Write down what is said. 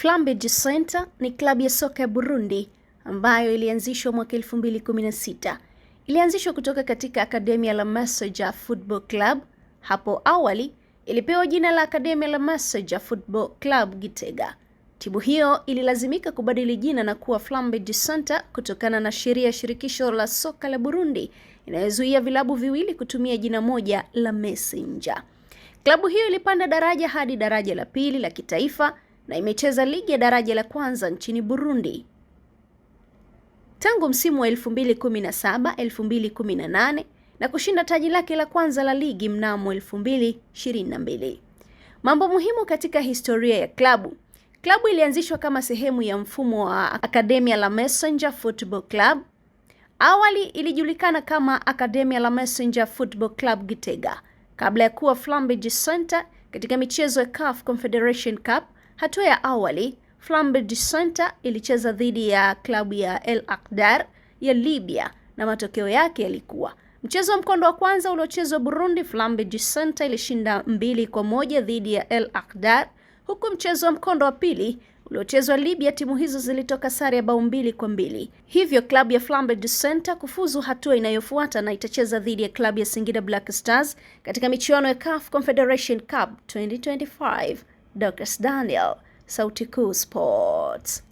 Flambeau center ni klabu ya soka ya Burundi ambayo ilianzishwa mwaka 2016. Ilianzishwa kutoka katika akademia la Masoja Football Club. Hapo awali ilipewa jina la akademia la Masoja Football Club Gitega. Timu hiyo ililazimika kubadili jina na kuwa flambage center kutokana na sheria ya shirikisho la soka la Burundi inayozuia vilabu viwili kutumia jina moja la Messenger. Klabu hiyo ilipanda daraja hadi daraja la pili la kitaifa na imecheza ligi ya daraja la kwanza nchini Burundi. Tangu msimu wa 2017 2018 na kushinda taji lake la kwanza la ligi mnamo 2022. Mambo muhimu katika historia ya klabu. Klabu ilianzishwa kama sehemu ya mfumo wa Academia la Messenger Football Club. Awali ilijulikana kama Academia la Messenger Football Club Gitega kabla ya kuwa Flambeau Center katika michezo ya CAF Confederation Cup Hatua ya awali Flambeau Center ilicheza dhidi ya klabu ya El Akdar ya Libya na matokeo yake yalikuwa mchezo wa mkondo wa kwanza uliochezwa Burundi, Flambeau Center ilishinda mbili kwa moja dhidi ya El Akdar, huku mchezo wa mkondo wa pili uliochezwa Libya, timu hizo zilitoka sare ya bao mbili kwa mbili. Hivyo klabu ya Flambeau Center kufuzu hatua inayofuata na itacheza dhidi ya klabu ya Singida Black Stars katika michuano ya CAF Confederation Cup 2025. Dorcas Daniel, Sauti Kuu Sports.